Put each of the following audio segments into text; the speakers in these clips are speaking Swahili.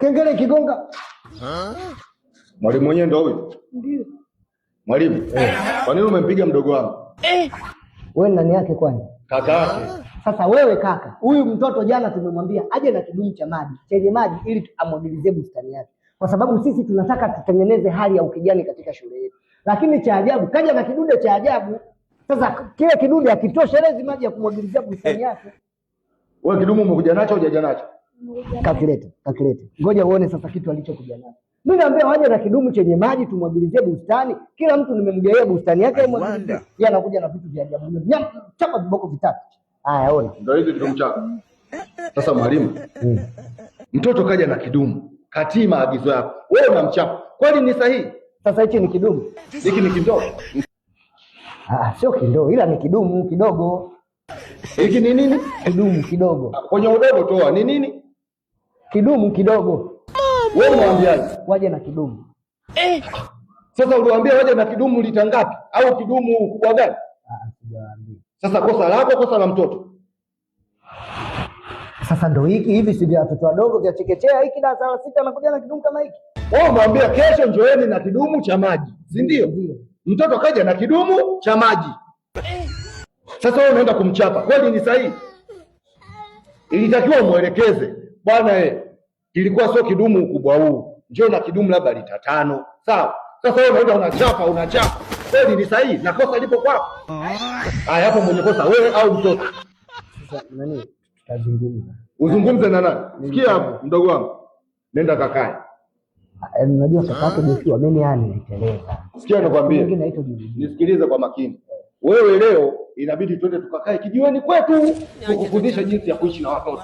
kengele kigonga Mwalimu mwenyewe ndo huyo? Ndio. Mwalimu, eh, kwa nini umempiga mdogo wangu? Eh. Wewe nani yake kwani? Kaka yake. Sasa wewe kaka, huyu mtoto jana tumemwambia aje na kidumu cha maji chenye maji ili amwagilizie bustani yake, kwa sababu sisi tunataka tutengeneze hali ya ukijani katika shule yetu, lakini cha ajabu kaja na kidude cha ajabu. Sasa kile kidude akitoshelezi maji ya kumwagilizia bustani eh. yake. Wewe kidumu umekuja nacho, hujaja nacho? Kakileta, kakileta. Ngoja uone sasa kitu alichokuja nacho. Mimi naambia waje na kidumu chenye maji tumwagilizie bustani. Kila mtu nimemgawia bustani yake mwenyewe. Yeye anakuja na vitu vya ajabu. Chapa viboko vitatu. Haya, ona. Ndio hizo kidumu chako. Sasa mwalimu, hmm. Mtoto kaja na kidumu, katii maagizo yako, wewe unamchapa. Kwani ni sahihi? Sasa hichi ni kidumu, hiki ni kindoo? Ah, sio kindoo, ila ni kidumu kidogo. Hiki ni nini? Kidumu kidogo. Kwenye udogo toa ni nini? kidumu kidogo. Wewe unawaambiaje? Waje na kidumu eh. Sasa uliwaambia waje na kidumu lita ngapi au kidumu ukubwa gani? Ah, Sasa kosa lako, kosa la mtoto. Sasa ndo hiki hivi, si vya watoto wadogo vya chekechea. Hiki darasa la sita anakuja na kidumu kama hiki. Wewe umwambia kesho njoeni na kidumu cha maji, si ndio? Mtoto kaja na kidumu cha maji. Sasa wewe unaenda kumchapa kweli? Ni sahihi? Ilitakiwa umwelekeze bwana, eh kilikuwa sio kidumu ukubwa huu, njoo na kidumu labda lita tano, sawa? Sasa wewe unaenda unachapa unachapa, kweli ni sahihi na kosa lipo kwako. Haya, hapo mwenye kosa wewe au mtoto? Sasa nani tutazungumza? Uzungumze na nani? Sikia hapo, mdogo wangu, nenda kakae. Ah, eh, unajua sasa hapo ah. Joshua, mimi yani niteleza. Sikia nakwambia, nisikilize kwa makini. Wewe leo inabidi twende tukakae kijiweni kwetu tukufundisha jinsi ya kuishi na watoto.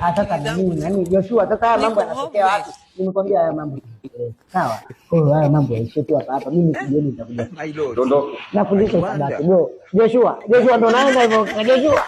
Ataka ah, nini? Yaani Joshua ataka haya mambo yanatokea wapi? Nimekwambia haya mambo. Sawa. Kwa oh, haya mambo yaishe tu hapa hapa. Mimi kijiweni nitakuja. Nafundisha sadaka. Joshua, Joshua ndo naenda hivyo. Joshua.